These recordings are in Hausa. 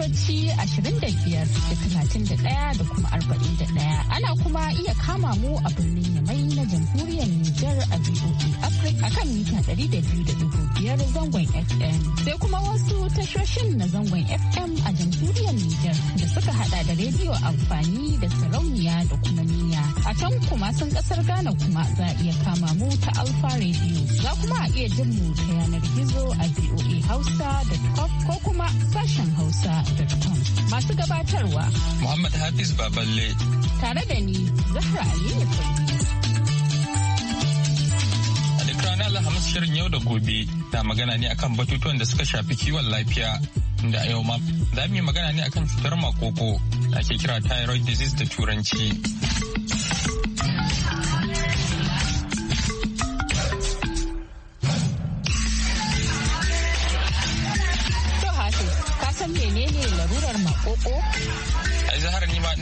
mitoci 25 da 31 da kuma 41. Ana kuma iya kama mu a birnin A can kuma sun kasar Ghana kuma za a iya kama mu ta Alfa Radio. Za kuma a iya jin mu ta yanar gizo a VOA Hausa.com ko kuma sashen Hausa.com. Masu gabatarwa. Muhammad Hafiz Baballe. Tare da ni Zahra Aliyu ranar Alhamis shirin yau da gobe na magana ne akan batutuwan da suka shafi kiwon lafiya. da yau ma za mu yi magana ne akan cutar makoko da ake kira thyroid disease da turanci.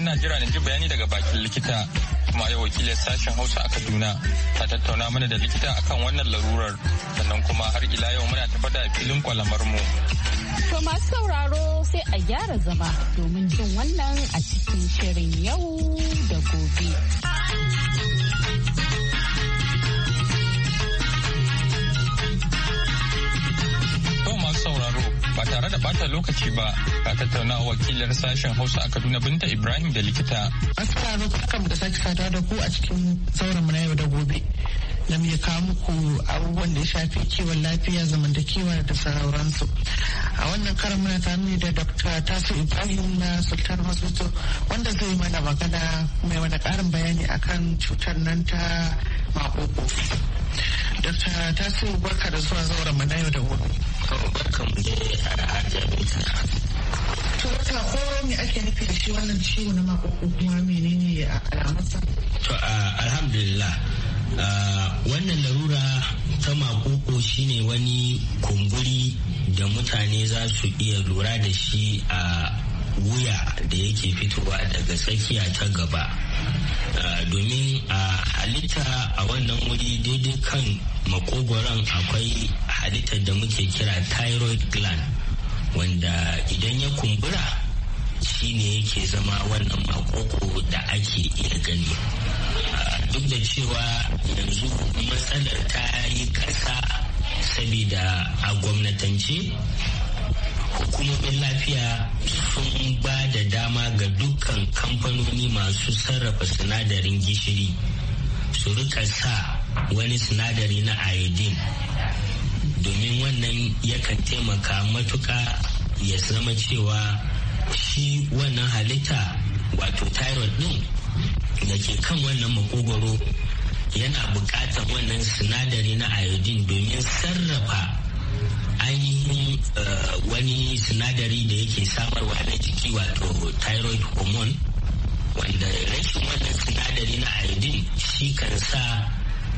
ina jira na ji bayani daga bakin likita kuma yau wakilin sashen hausa a kaduna ta tattauna mana da likita akan wannan larurar sannan kuma har ila yau muna tafa da filin kwalamar mu to masu sauraro sai a gyara zama domin jin wannan a cikin shirin yau da gobe. ba tare da bata lokaci ba ga tattaunawa wakilar sashen hausa a kaduna binta ibrahim da likita masu karo kam da sake saduwa da ku a cikin sauran mu na yau da gobe da mai kawo muku abubuwan da ya shafi kiwon lafiya zamantakewa da sauransu a wannan karan muna ta ne da dr tasu ibrahim na sultan hospital wanda zai mana magana mai wani karin bayani akan cutar nan ta makoko dr tasu barka da zuwa zauren mu na yau da gobe barkan mu da hajjabita To wata ko me ake nufi da shi wannan ciwo na makoko kuma menene a alamarsa? To alhamdulillah Ah, wannan larura ta makoko shine wani kumburi da mutane za su iya lura da shi a wuya da yake fitowa daga tsakiya ta gaba ah, domin a ah, halitta a wannan wuri daidai kan makogoron akwai halitta da muke kira thyroid gland wanda idan ya kumbura shine yake zama wannan makoko da ake iya gani duk da cewa yanzu matsalar ta yi ƙasa sabida a gwamnatance hukumomin lafiya sun ba da dama ga dukkan kamfanoni masu sarrafa sinadarin gishiri su rika sa wani sinadari na iodine domin wannan yakan taimaka matuka ya zama cewa shi wannan halitta wato thyroid din da ke kan wannan makogwaro yana bukatar wannan sinadari na iodine domin sarrafa ainihin eh, wani sinadari da yake samarwa na jiki wato thyroid hormone wanda rashin wannan sinadari na iodine shi kan sa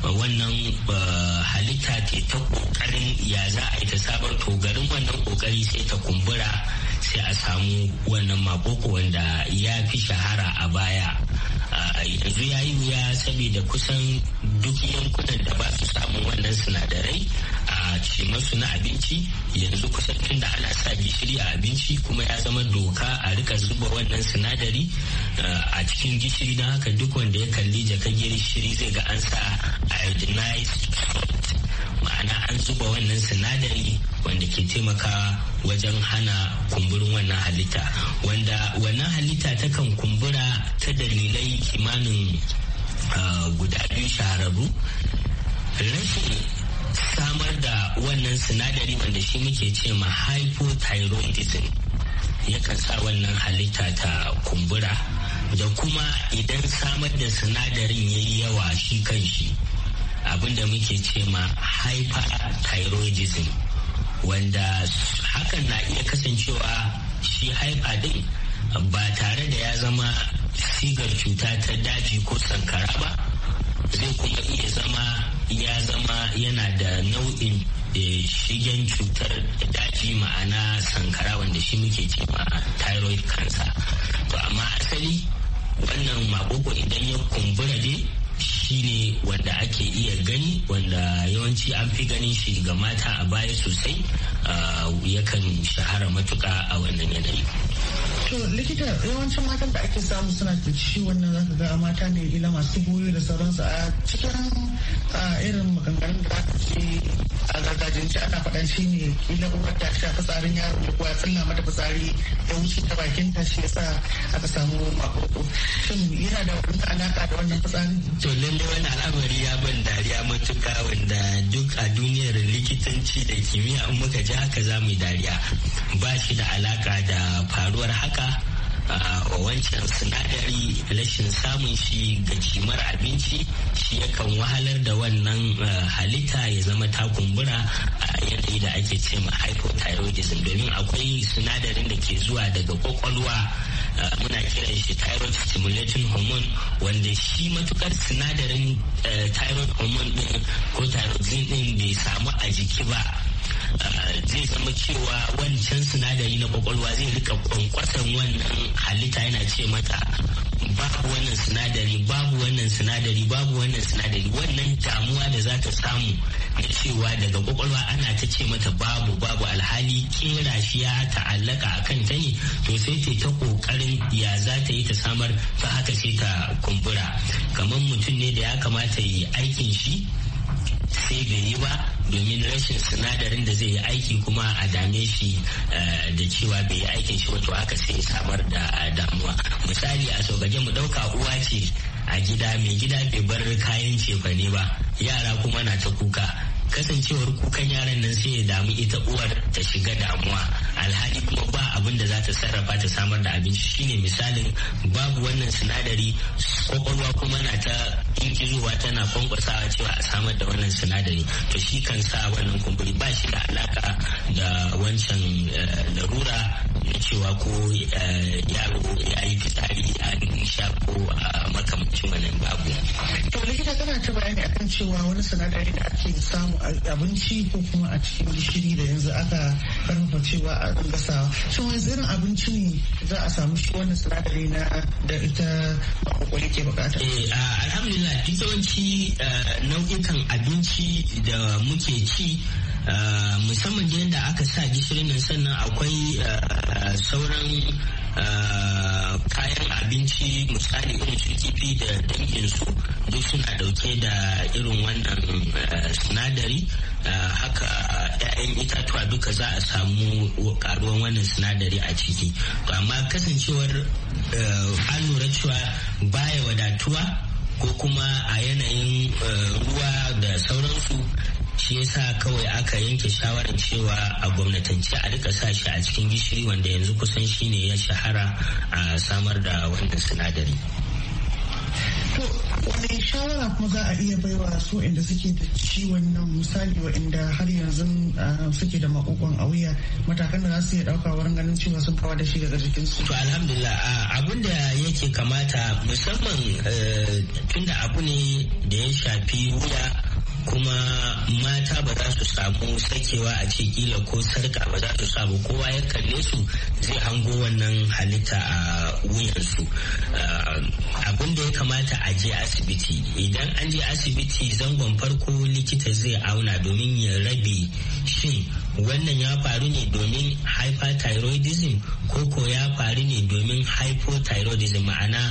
wannan eh, halitta ke ta kokarin ya za a yi ta sabar to wannan kokari sai ta kumbura sai a samu wannan makoko wanda ya fi shahara a baya yanzu ya yi wuya saboda kusan duk yankunan da ba su samun wannan sinadarai a cimansu na abinci yanzu kusan tunda ana sa gishiri a abinci kuma ya zama doka a rika zuba wannan sinadari a cikin gishiri don haka duk wanda ya kalli jaka gishiri zai ga an sa iodinized ma'ana an zuba wannan sinadari wanda ke taimakawa wajen hana kumburin wannan halitta wanda wannan halitta ta kan kumbura ta dalilai kimanin ah, guda biyu shahararru rashin samar da wannan sinadari wanda shi muke ce ma hypothyroidism yakan sa wannan halitta ta kumbura da kuma idan samar da sinadarin ya yi yawa shi kan shi abin da muke ce ma hyperthyroidism wanda hakan na iya kasancewa shi haifa din ba tare da ya zama sigar cuta ta daji ko sankara ba zai kuma iya zama ya zama yana da nau'in eh, shigen cutar daji ma'ana sankara wanda shi muke ce ma thyroid cancer to amma asali wannan makoko idan ya kumbura dai shi ne wanda ake iya gani wanda yawanci an fi ganin shi ga mata a baya sosai ah, yakan shahara matuka a wannan yanayi To likita yawancin matan da ake samu suna da ciwon nan zaka ga mata ne ila masu goyo da sauransu a cikin irin maganganun da aka ce a gargajiyance ana faɗan shi ne kila uwar ta sha fitsarin yaro ko ya tsalla mata fitsari da wuce ta bakin ta shi yasa aka samu makoko shin yana da wani alaka da wannan fitsarin. To lalle wani al'amari ya ban dariya matuka wanda duk a duniyar likitanci da kimiyya in muka ji haka za mu yi dariya ba shi da alaka da faruwar haka haka wancan sinadari rashin samun shi ga jimar abinci shi yakan wahalar da wannan halitta ya zama ta kumbura a yanayi da ake ce ma hypothyroidism domin akwai sinadarin da ke zuwa daga kwakwalwa muna kiran shi thyroid stimulating hormone wanda shi matukar sinadarin thyroid hormone din ko thyroxine din bai samu a jiki ba zai zama cewa wancan sinadari na kwakwalwa zai rika kwankwasan wannan halitta yana ce mata babu wannan sinadari babu wannan sinadari babu wannan sinadari wannan damuwa da za ta samu na cewa daga kwakwalwa ana ta ce mata babu babu alhali kera shi ya ta'allaka a kan ta ne to sai ta ta kokarin ya za ta yi ta samar ta haka sai ta kumbura kamar mutum ne da ya kamata ya yi aikin shi sai bai yi ba domin rashin sinadarin da zai yi aiki kuma a dame shi eh, da cewa bai yi aikin shi wato aka sai samar da eh, damuwa misali a sauƙaƙe mu ɗauka uwa ce a gida mai gida bai bar kayan cefane ba yara kuma na ta kuka kasancewar kukan yaran nan sai ya damu ita uwar ta shiga damuwa alhali kuma ba abin da za ta sarrafa ta samar da abinci shine misalin babu wannan sinadari kwakwalwa kuma na ta kinkizowa tana kwankwasawa cewa a samar da wannan sinadari to shi kan sa wannan kumburi ba shi da alaka da wancan eh, larura na cewa ko eh, yaro ya yi fitsari a sha ko a makamancin wannan babu. to likita tana ta bayani akan cewa wani sinadari da ake samu abinci ko kuma a cikin gishiri da yanzu aka karfafa cewa a gasa shi wani zirin abinci ne za a samu shi wannan sinadari na da ita kwakwale ke bukata eh, alhamdulillah yawanci eh, nau'ikan abinci da muke ci Eh, musamman da yadda aka sa gishirin nan sannan akwai eh, sauran eh, kayan abinci misali irin su kifi da danginsu duk suna dauke da irin wannan sinadari haka 'ya'yan itatuwa duka za a samu karuwan wannan sinadari a ciki amma kasancewar an lura cewa baya wadatuwa ko kuma a yanayin ruwa da sauransu shi yasa kawai aka yanke shawarar cewa a gwamnatance a duka sa shi a cikin gishiri wanda yanzu kusan shine ya shahara a samar da wannan sinadari wani shawara kuma za a iya baiwa su inda suke da ciwon nan misali wa inda har yanzu suke da makokon a wuya matakan da za su iya dauka wurin ganin cewa sun kawo da shi daga jikin su to alhamdulillah abun da yake kamata musamman eh, tunda abu ne da ya shafi wuya kuma mata ba za su samu sakewa a ce kila ko sarka ba za su samu kowa ya kalle su zai hango wannan halitta a wuyansu ah, abin da ya kamata a je asibiti idan an je asibiti zangon farko likita zai auna domin ya rabe shin wannan ya faru ne domin hyperthyroidism ko ko ya faru ne domin hypothyroidism ma'ana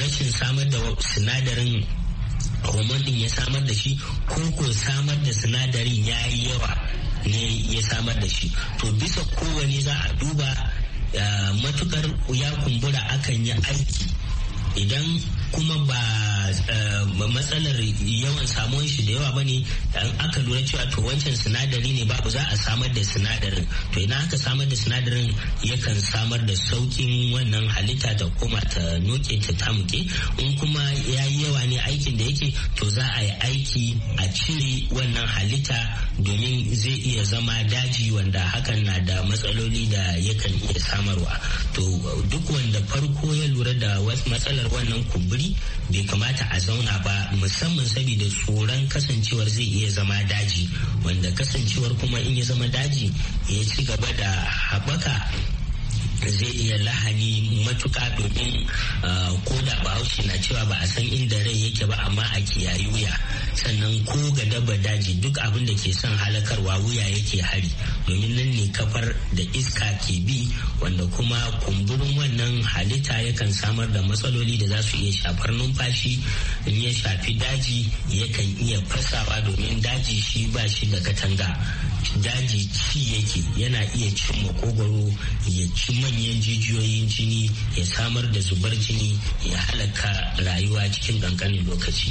rashin samar da sinadarin hormone din ya samar da shi ko ko samar da sinadarin ya yi yawa ne ya samar da shi to bisa kowane za a duba eh, matukar ya kumbura akan yi aiki idan kuma ba eh, matsalar yawan samuwan shi da yawa ba ne an aka lura cewa to wancan sinadari ne babu za a samar da sinadarin to ina aka samar da sinadarin yakan samar da saukin wannan halitta ta koma ta noke ta tamuke in kuma ya yi yawa ne aikin da yake to za a yi aiki a cire wannan halitta domin zai iya zama daji wanda hakan na da matsaloli da yakan iya samarwa to duk wanda farko ya lura da matsalar wannan kumburi wuri bai kamata a zauna ba musamman saboda tsoron kasancewar zai iya zama daji wanda kasancewar kuma in ya zama daji ya ci gaba da haɓaka zai iya lahani matuka domin ah, ko da bahaushe na cewa ba a san inda rai yake ba amma a kiyayi wuya sannan ko ga daba daji duk abin da ke son halakarwa wuya yake hari domin nan ne kafar da iska ke bi wanda kuma kumburin wannan halitta yakan samar da matsaloli da za su iya shafar numfashi in ya shafi daji yakan iya fasawa domin daji shi ba shi da katanga daji ci yake yana iya cin makogwaro ya ci manyan jijiyoyin jini ya samar da zubar jini ya halaka rayuwa cikin ƙanƙanin lokaci.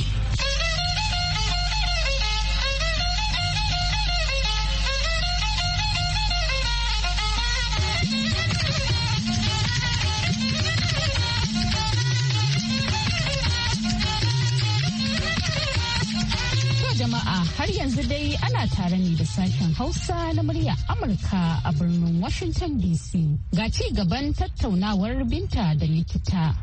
tare ne da sashen Hausa na murya Amurka a birnin Washington DC. Ga ci gaban tattaunawar binta da likita.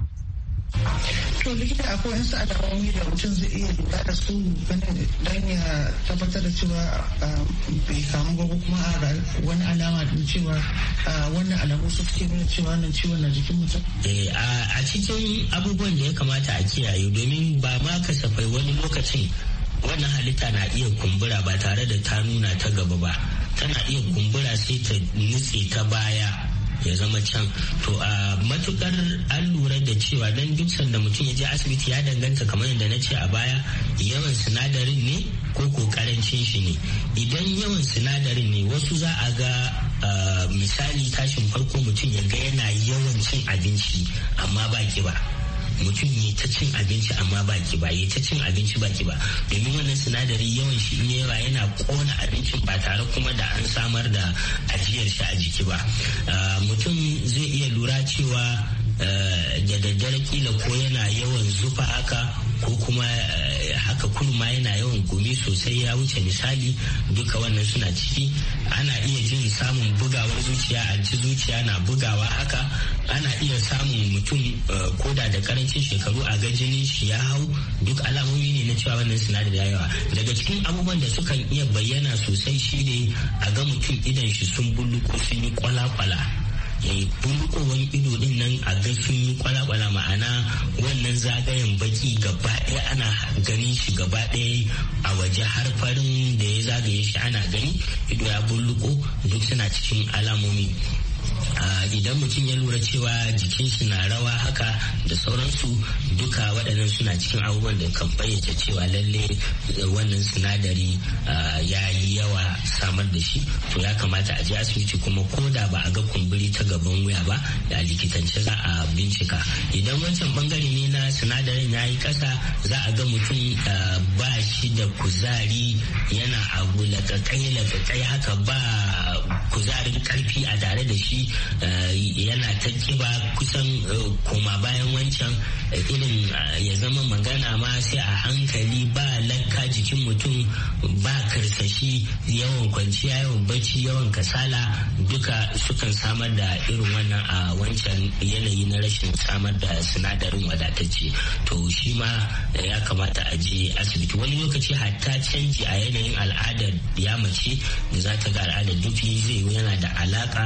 To likita akwai su alamomi da mutum zai iya lura da su don ya tabbatar da cewa ah, bai kamu ba ko kuma wani alama da cewa ah, wannan alamu su suke nuna cewa nan ciwon na jikin mutum. Eh, a cikin abubuwan da ya kamata a kiyaye domin ba ma kasafai wani lokacin wannan halitta na iya kumbura ba tare da ta nuna ta gaba ba tana iya kumbura sai ta nutse ta baya ya zama can to a matukar an lura da cewa don duk sanda mutum ya je asibiti ya danganta kamar yadda na ce a baya yawan sinadarin ne ko ko karancin shi ne idan yawan sinadarin ne wasu za a ga misali tashin farko mutum ya ga yana yawan cin abinci amma ba kiba mutum ya ta cin abinci amma ba ba ya ta cin abinci ba ba domin wannan sinadari yawan shi in yawa yana kona abincin ba tare kuma da an samar da ajiyar shi a jiki ba ah, mutum zai iya lura cewa ah, da daddare kila ko yana yawan zufa haka ko kuma eh, haka kudu ma yana yawan gumi sosai ya wuce misali duka wannan suna ciki ana iya jin samun bugawar zuciya a ci zuciya na bugawa haka ana iya samun mutum eh, koda da karancin shekaru a ga jinin shi ya hau duk alamomi ne na cewa wannan sinadari yawa daga cikin abubuwan da sukan iya bayyana sosai shine a ga mutum idan shi sun bulu ko sun yi kwala-kwala Eh, bulkowan ido din nan a gafin sun ma'ana wannan zagayen baki gaba ɗaya ana ganin shi gaba ɗaya a waje har farin da ya zagaye shi ana gani ido ya bulluko duk suna cikin alamomi ah, idan mutum ya lura cewa jikin shi na rawa haka da sauransu duka waɗannan suna cikin abubuwan da kan bayyana cewa lalle eh, wannan sinadari ah, ya yi yawa samar da shi to ya kamata a je asibiti kuma ko da ba a ga kumburi ta gaban wuya ba da likitance za a bincika idan wancan bangare ne na sinadarin ya yi ƙasa za a ga mutum ah, ba shi da kuzari yana abu lakakai lakakai haka ba kuzarin karfi a tare da shi ah, yana ta kiba kusan eh, koma bayan wancan eh, irin eh, ya zama magana ma sai a hankali ba lakka jikin mutum ba karsashi yawan kwanciya yawan bacci yawan kasala duka sukan samar da irin wannan a wancan yanayi na rashin samar da sinadarin wadatacce to shi ma eh, ya kamata a je asibiti wani lokaci hatta canji a yanayin al'adar ya mace da za ta ga al'adar dufi zai yana da alaka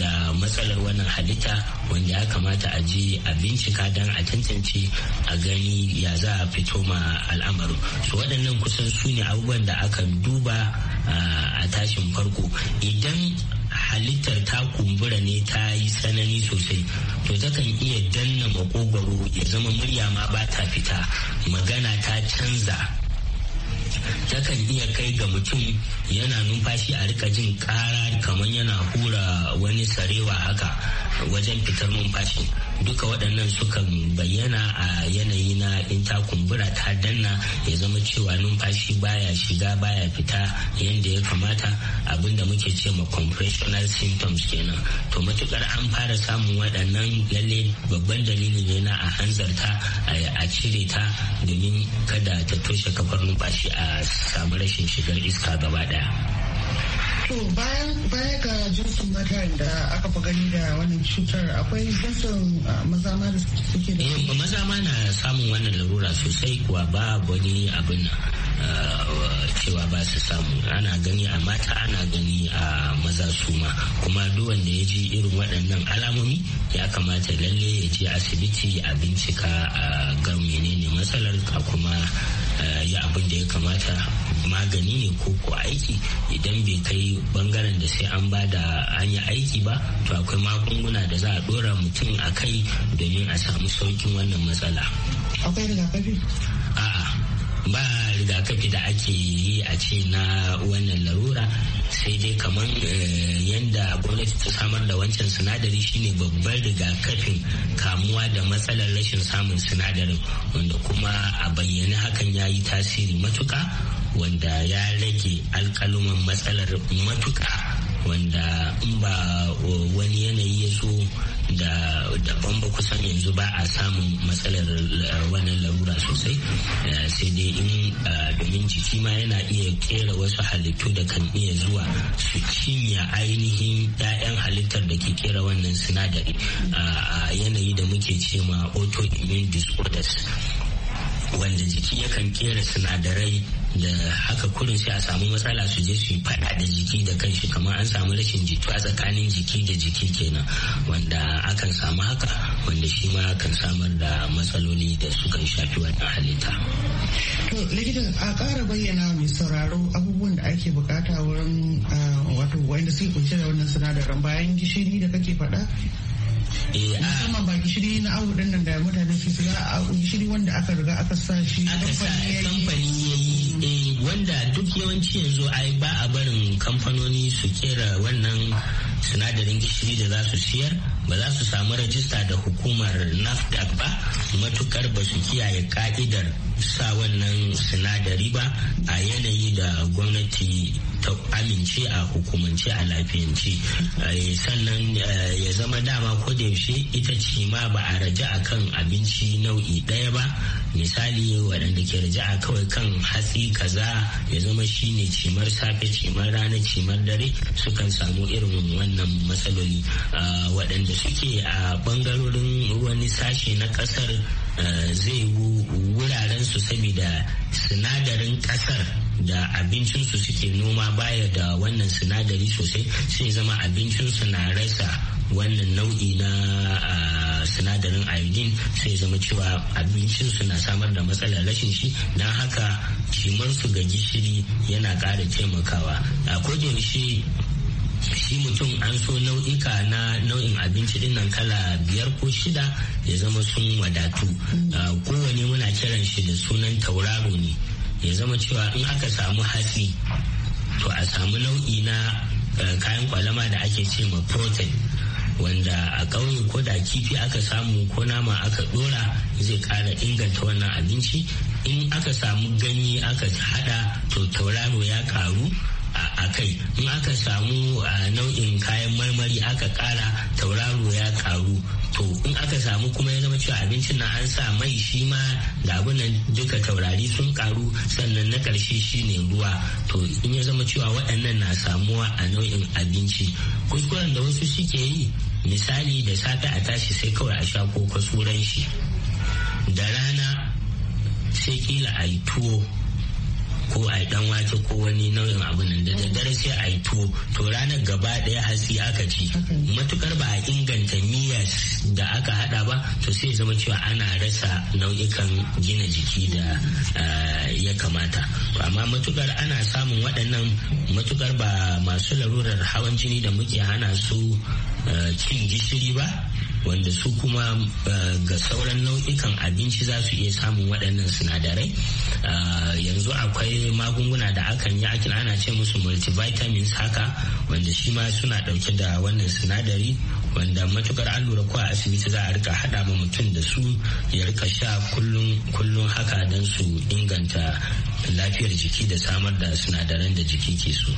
da matsalar wannan halitta wanda ya kamata a je a bincika don a tantance a gani ya za a fito ma al'amarin su waɗannan kusan su ne abubuwan da aka duba a tashin farko idan halittar ta kumbura ne ta yi tsanani sosai to takan iya danna makogwaro ya zama murya ma ba ta fita magana ta canza takan iya kai ga mutum yana numfashi a rika jin kara kamar yana hura wani sarewa haka wajen fitar numfashi duka waɗannan sukan bayyana a yanayi na in ta kumbura ta danna ya zama cewa numfashi baya shiga baya fita yadda ya kamata abinda muke ce ma compressional symptoms kenan to matukar an fara samun waɗannan lalle babban dalili ne na a hanzarta a cire ta domin kada ta toshe kafar numfashi a samu rashin shigar iska gaba ɗaya. To bayan baya ga jinsin mata da aka fi gani da wannan cutar akwai jinsin ah, maza ma da suke da shi. Eh, maza ma na samun wannan larura sosai kuwa ba wani abin ah, cewa ba su samu ana gani a mata ana gani a maza su ma kuma duk wanda ya ji irin waɗannan alamomi ya kamata lalle ya je asibiti a bincika a ah, ga menene matsalar a kuma yi abin da ya kamata magani ne ko ko aiki idan bai kai bangaren da sai an ba da hanya aiki ba to akwai magunguna da za a dora mutum a kai domin a samu saukin wannan matsala akwai rigakafi a'a ba rigakafi da ake yi a ce na wannan larura sai dai kamar eh, yadda gwamnati ta samar da wancan sinadari shine babban rigakafin kamuwa da matsalar rashin samun sinadarin wanda kuma a bayyane hakan ya yi tasiri matuka wanda ya rage alkaluman matsalar matuka wanda in ba wani yanayi ya zo da daban ba kusan yanzu ba a samun matsalar eh, wannan larura sosai eh, sai dai in eh, domin jiki ma yana iya kera wasu halittu da kan iya zuwa su cinye ainihin 'ya'yan halittar da ke kera wannan sinadari a yanayi da muke ce ma autoimmune disorders wanda jiki yakan kera sinadarai da haka kurin sai a samu matsala su je su yi fada da jiki da kanshi kamar an samu rashin jituwa tsakanin jiki da jiki kenan wanda akan samu haka wanda shi ma kan samar da matsaloli da su kan shafi wannan halitta. To likitan a kara bayyana mai sauraro abubuwan da ake bukata wurin ah, wato wanda suke kunshe da wannan sinadaran bayan gishiri da kake faɗa Eh, ah. musamman ba gishiri na awo din nan da mutane ke siya a gishiri wanda aka riga aka sa shi kamfani ya yi eh, wanda duk yawanci yanzu ai ba a barin kamfanoni su kera wannan sinadarin gishiri da za su siyar ba za su samu rajista da hukumar nafdac ba matukar ba su kiyaye ka'idar sa wannan sinadari ba a yanayi da gwamnati ta amince a hukumance a lafiyance eh, sannan eh, ya zama dama ko da yaushe ita ce ma ba a raja a kan abinci nau'i ɗaya ba misali waɗanda ke raja a kawai kan hatsi kaza ya zama shine cimar safe cimar rana cimar dare sukan samu irin wannan matsaloli eh, waɗanda suke a ɓangarorin wani sashe na ƙasar zai wuraren su saboda sinadarin ƙasar da abincinsu suke noma baya da wannan sinadari sosai sai zama abincinsu na rasa wannan nau'i na sinadarin iodine sai zama cewa abincinsu na samar da matsalar rashin shi don haka kimarsu ga gishiri yana ƙara taimakawa a shi shi mutum an so nau'ika na nau'in abinci din nan kala biyar ko shida ya zama sun wadatu kowane muna kiran shi da sunan tauraro ne ya zama cewa in aka samu hatsi to a samu nau'i na eh, kayan kwalama da ake ce ma protein wanda a ƙauye ko da kifi aka samu ko nama aka ɗora zai ƙara inganta wannan abinci in aka samu ganye aka hada to tauraro ya ƙaru. a kai in aka samu nau'in kayan marmari aka kara tauraro ya karu to in aka samu kuma ya zama cewa abincin na an sa mai shi ma da abin duka taurari sun karu sannan na karshe shi ne ruwa to in ya zama cewa waɗannan na samuwa a nau'in abinci kuskuren da wasu suke yi misali da safe a tashi sai kawai a sha ko suran shi da rana sai kila a yi tuwo ko a dan wake ko wani nau'in abu nan da daddare sai a yi tuwo to ranar gaba daya hatsi aka ci matukar ba a inganta miya da aka hada ba to sai zama cewa ana rasa nau'ikan gina jiki da eh, ya kamata amma matukar ana samun waɗannan matukar ba masu larurar hawan jini da muke hana su eh, cin gishiri ba wanda su kuma eh, ga sauran nau'ikan abinci za su iya samun waɗannan sinadarai eh, yanzu akwai magunguna da akan yi akin ana ce musu multivitamins haka wanda shi ma suna ɗauke da wannan sinadari wanda matukar an lura ko a asibiti za a rika haɗa ma mutum da su ya rika sha kullum kullum haka don su inganta lafiyar jiki da samar da sinadaran da jiki ke so.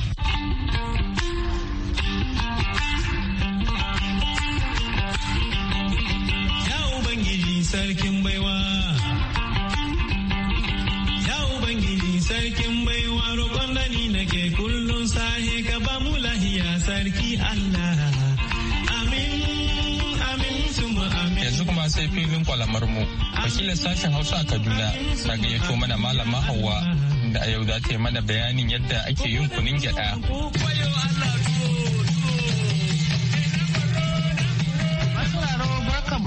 sarkin baiwa. Ya Ubangiji sarkin baiwa roƙon da ni nake kullum sahe ka ba mu lahiya sarki Allah. Amin, amin, amin. Yanzu kuma sai filin kwalamar mu. Wakilin sashen Hausa a Kaduna ta gayyato mana malama Hauwa da a yau za ta yi mana bayanin yadda ake yin kunin gyaɗa.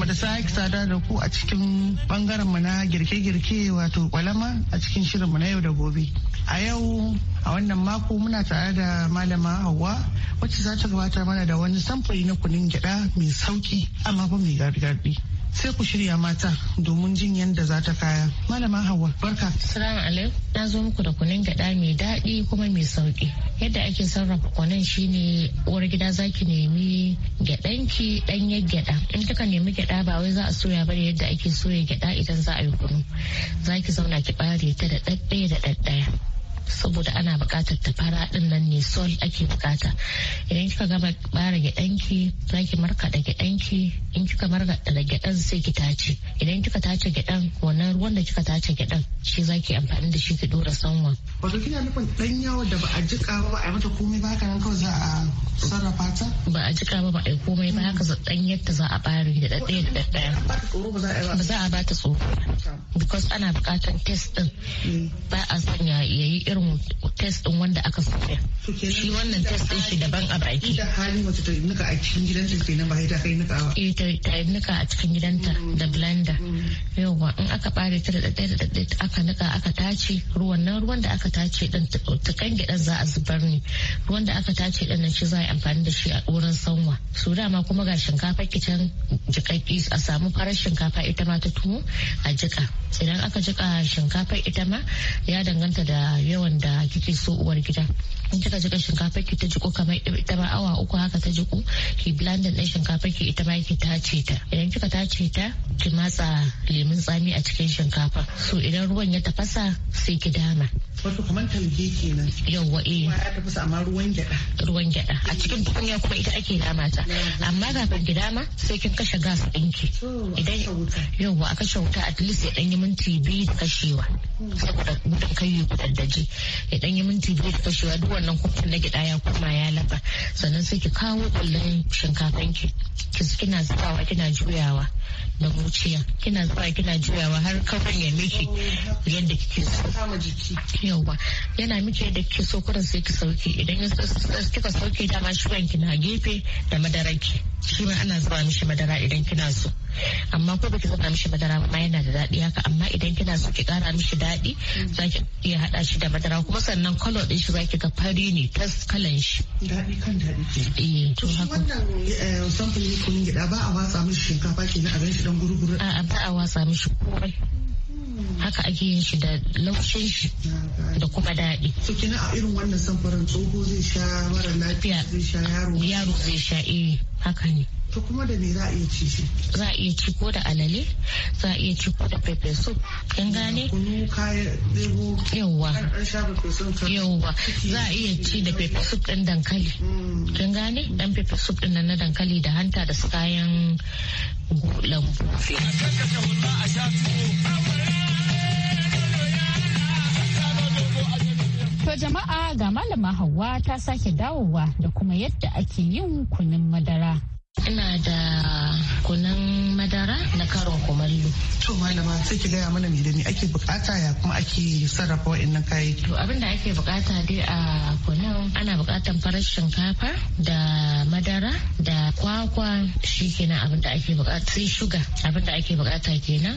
da sake sada da ku a cikin bangaren mu na girke-girke wato kwalama a cikin shirin mu na yau da gobe. A yau a wannan mako muna tare da malama Hauwa wacce za ta gabatar mana da wani samfuri na kunun gyada mai sauki amma fa mai gargaɗi. sai ku shirya mata domin jin yadda za ta kaya. Malama Hauwa, barka. Salamu alaikum. Na zo muku da kunun gyaɗa mai daɗi kuma mai sauƙi. Yadda ake sarrafa kunun shine uwar gida za ki nemi gyaɗanki ɗanyen gyaɗa. In kika nemi gyaɗa ba wai za a soya bane yadda ake soya gyaɗa idan za a yi kunu. Za ki zauna ki ɓare ta da ɗaɗɗaya da ɗaɗɗaya. saboda ana buƙatar ta fara din nan ne sol ake buƙata idan kika gama bara gyaɗanki za ki markaɗa gyaɗanki in kika markaɗa gyaɗan sai ki tace idan kika tace gyaɗan wannan ruwan da kika tace gyaɗan shi za ki amfani da shi ki ɗora sanwa. wato kina nufin ɗan yawo da ba a jiƙa ba ba a yi mata komai ba haka nan kawai za a sarrafa ta. ba a jiƙa ba ba a yi komai ba haka dan yadda za a ɓare da ɗaɗɗaya da ɗaɗɗaya. ba za a ba ta tsoro. because ana bukatar test din mm. ba a sanya yayi irin irin test din wanda aka soya shi wannan test din shi daban a baki da hali wata ta nika a cikin gidanta nan ba sai ta kai nika ba Ita eh, ta nika a cikin gidanta mm-hmm. da blender mm-hmm. yawwa in aka bare ta da daddai da aka nika aka tace ruwan nan ruwan da aka tace din ta kange dan za a zubar ne ruwan da aka tace din nan shi za a yi amfani da shi a wurin sanwa so dama kuma ga shinkafa kicin jikakki a samu farar shinkafa ita ma ta tumu a jika idan aka jika shinkafa ita ma ya danganta da yawan ciwon da kike so uwar gida in kika jika shinkafar ki ta jiko kamar ita ba awa uku haka ta jiko ki blandin din shinkafar ki ita ma ki tace ta idan kika tace ta ki matsa lemun tsami a cikin shinkafa so idan ruwan ya tafasa sai ki dama wato kamar talge kenan yawwa eh ya tafasa amma ruwan gyada ruwan gyada a cikin tukunya kuma ita ake dama ta amma kafin ki dama sai kin kashe gas ɗinki idan yawwa a kashe wuta at least ya ɗanyi minti biyu da kashewa hmm. saboda mutum kai yi kudaddaji ya dan yi minti biyu da kashewa duk wannan kumfin na gida ya koma ya laba sannan sai ki kawo kullun shinkafan ki kina zubawa kina juyawa na muciya kina zuwa kina juyawa har kafin ya miki yadda kike so yauwa yana miki yadda kike so kuran sai ki sauke idan kika sauke dama shugan ki na gefe da madaraki shi ma ana zuba mishi madara idan kina so amma ko baki zuba mishi madara ma yana da daɗi haka amma idan kina so ki ƙara mishi daɗi mm. za ki iya haɗa shi da madara kuma sannan kwalo ɗin shi ki ga fari ne ta kalan shi daɗi kan daɗi eh to haka wannan samfuri kun gida ba a watsa mishi shinkafa na a ganshi dan guruguru A'a ba a watsa mishi komai haka ake yin shi da laushin shi da kuma daɗi. So kina a irin wannan samfarin tsoho zai sha mara lafiya zai sha yaro. Yaro zai sha eh haka ne. To kuma da me za a iya ci shi? Za a iya ci ko da alale, za a iya ci ko da pepper soup. Kin gane? Kunu kaya zebo. Yawwa. Yawwa. Za a iya ci da pepper soup ɗin dankali. Mm. Kin gane? Ɗan pepper soup ɗin na dankali da hanta da su kayan lambu. jama'a ga malama Hauwa ta sake dawowa da kuma yadda ake yin kunun madara. ina da kunun madara na karin kumallo. To malama sai ki gaya mana me dani ake bukata ya kuma ake sarrafa wa'annan kayayyaki. To abin da ake bukata dai a kunun ana bukatan farar shinkafa da madara da kwakwa shi kenan abin da ake bukata sai shuga abin da ake bukata kenan.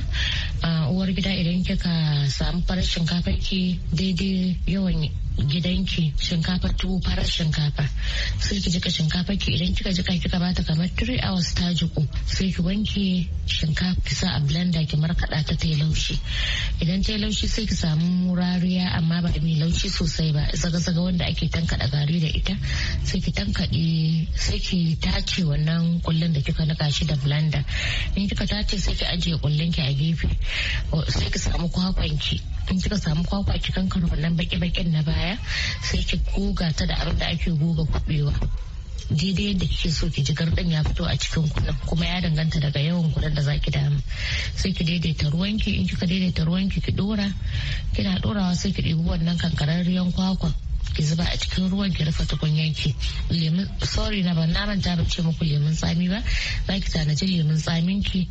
uwar gida idan kika samu farar shinkafa ki daidai yawan gidanki shinkafa tuwo farar shinkafa sai ki jika shinkafa ki idan kika jika kika bata kamar 3 hours ta jiku sai ki wanke shinkafa ki sa a blender ki markaɗa ta ta laushi idan ta laushi sai ki samu murariya amma ba mai laushi sosai ba zaga-zaga wanda ake tankaɗa gari da ita sai ki tankaɗe sai ki tace wannan kullun da kika nika shi da blender in kika tace sai ki ajiye kullun ki a gefe sai ki samu kwakwan ki in kika samu kwakwa ki kankara wannan baki-bakin na baya sai ki goga ta da abin da ake goga kuɓewa. daidai yadda kike so ki ji gardan ya fito a cikin kuɗin kuma ya danganta daga yawan kuɗin da zaki dama sai ki daidaita ruwanki in kika daidaita ruwanki ki ɗora kina dorawa sai ki ɗebi wannan kankararriyar kwakwa. ki zuba a cikin ruwan ki rufe tukunyar ki lemun sorry na ban na manta ba ce muku lemun tsami ba za ki tanaji lemun tsamin ki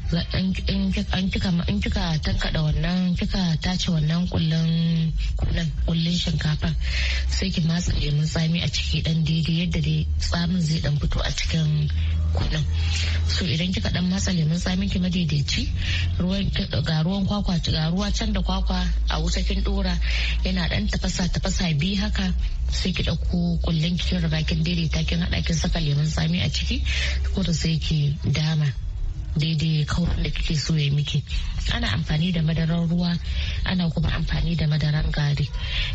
in kika an kika tankada wannan kika tace wannan kullun kullun kullun shinkafan sai ki matsa lemun tsami a ciki dan daidai yadda dai tsamin zai dan fito a cikin kuɗin so idan kika dan matsa lemun tsamin ki madaidaici ga ruwan kwakwa ga ruwa can da kwakwa a wuta kin dora yana dan tafasa tafasa bi haka sai ki dauko kullun ki riga kin daidaita kin hada kin saka lemun tsami a ciki ko da sai ki dama daidai kaurin da kike so ya miki ana amfani da madarar ruwa ana kuma amfani da madarar gari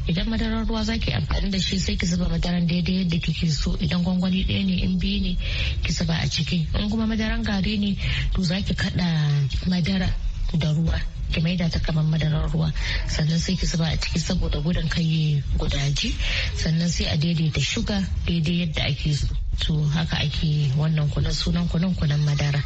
idan madarar ruwa zaki amfani da shi sai ki zuba madaran daidai yadda kike so idan gwangwani ɗaya ne in biyu ne ki zuba a ciki in kuma madarar gari ne to zaki kada madara da ruwa ki maida ta kamar madarar ruwa sannan sai ki zuba a ciki saboda gudun kai gudaji sannan sai a daidaita shuga daidai yadda ake so to haka ake wannan kunan sunan kunan kunan madara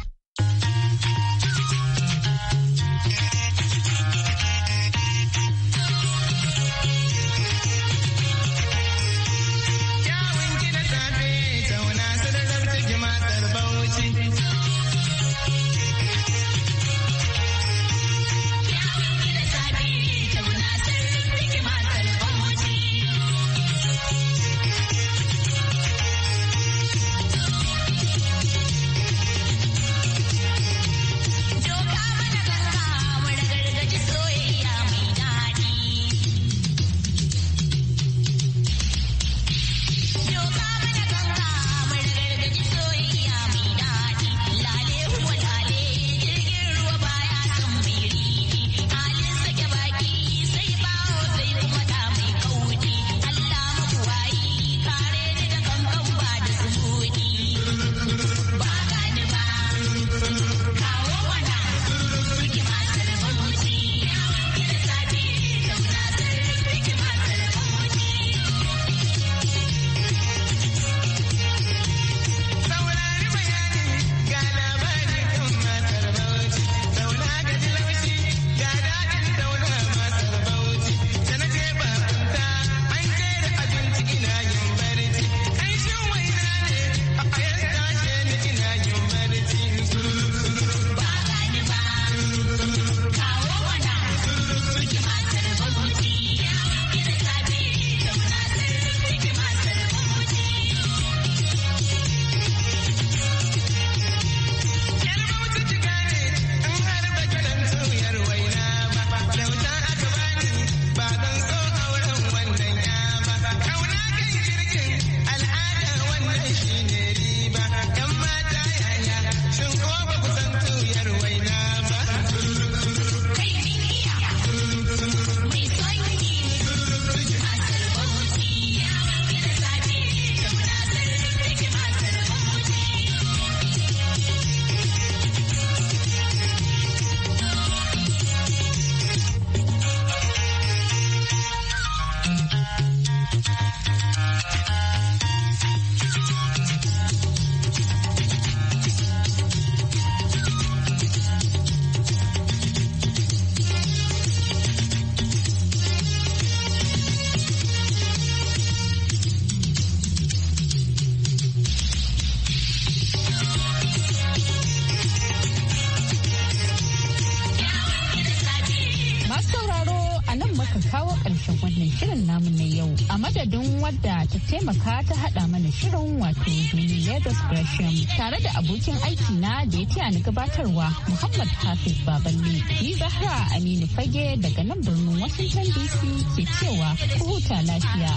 na da ya tiya ni gabatarwa Muhammad Hafiz Baballe. Ni Zahra Aminu Fage daga nan birnin Washington DC ke cewa ku huta lafiya.